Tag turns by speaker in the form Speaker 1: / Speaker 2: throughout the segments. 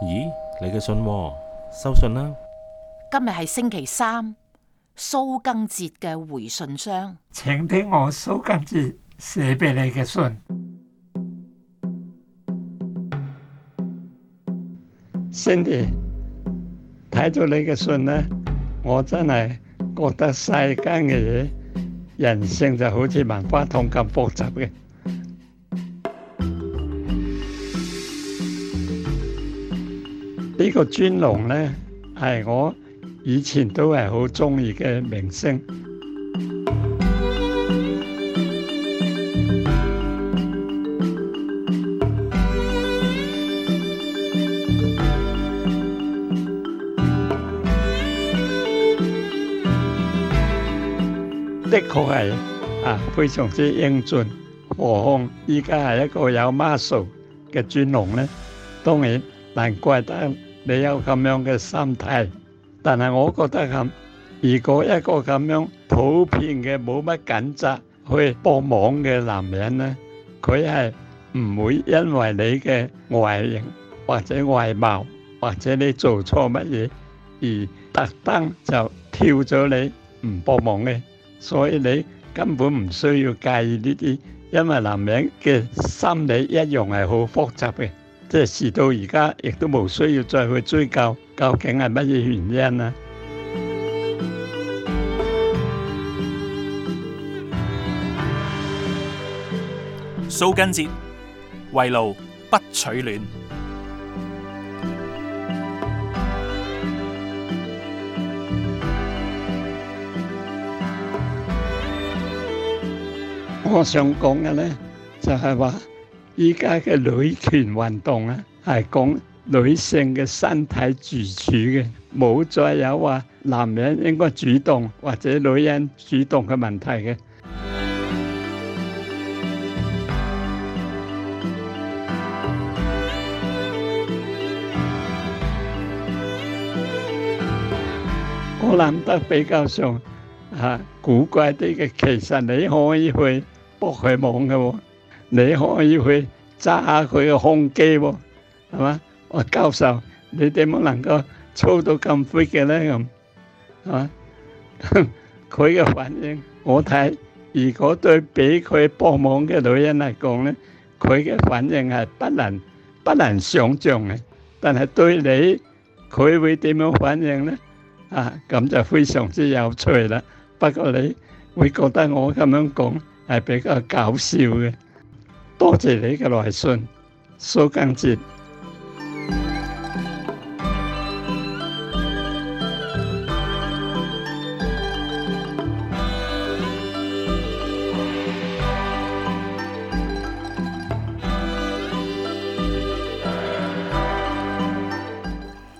Speaker 1: 咦，你嘅信，收信啦！
Speaker 2: 今日係星期三，蘇賡哲嘅回信箱，
Speaker 1: 請聽我蘇賡哲寫俾你嘅信。Cindy，睇咗你嘅信咧，我真係覺得世間嘅嘢，人性就好似萬花筒咁複雜嘅。呢個尊龍呢，係我以前都係好鍾意嘅明星，的確係啊，非常之英俊，和諧。依家係一個有 muscle 嘅尊龍呢，當然難怪得，你有咁樣嘅心態，但係我覺得咁，如果一個咁樣普遍嘅冇乜緊張去搏懵嘅男人咧，佢係唔會因為你嘅外形或者外貌或者你做錯乜嘢而特登就跳咗你唔搏懵嘅，所以你根本唔需要介意呢啲，因為男人嘅心理一樣係好複雜嘅。即係事到而家，亦都無需要再去追究究竟係乜嘢原因啦。蘇賡哲，圍爐不取暖。我想講嘅呢，就係話。依家嘅女權運動啊，係講女性嘅身體自主嘅，冇再有話男人應該主動或者女人主動嘅問題
Speaker 2: 嘅。
Speaker 1: 我諗得比較像啊古怪啲嘅，其實你可以去博佢懵㗎喎。你可以去揸下佢嘅胸肌喎，係嘛？我教授，你點樣能夠操到咁 fit 嘅咧？咁係嘛？佢嘅反應，我睇如果對俾佢幫忙嘅女人嚟講咧，佢嘅反應係不能不能想象嘅。但係對你，佢會點樣反應咧？啊，咁就非常之有趣啦。不過你會覺得我咁樣講係比較搞笑嘅。多謝你嘅來信。蘇賡哲，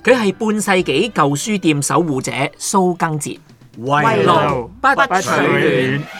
Speaker 1: 佢係半世紀舊書店守護者蘇賡哲，圍爐不取暖。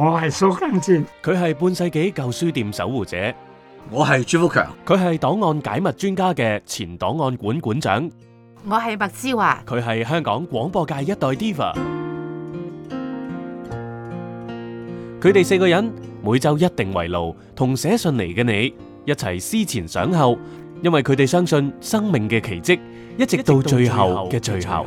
Speaker 1: 我係蘇賡哲，佢係半世紀舊書店守護者。我係朱福強，佢係檔案解密專家嘅前檔案館館長。
Speaker 2: 我係麥之華，
Speaker 1: 佢係香港廣播界一代 Diva。佢哋四個人每周一定圍爐，同寫信嚟嘅你一齊思前想後，因為佢哋相信生命嘅奇跡，一直到最後嘅最後。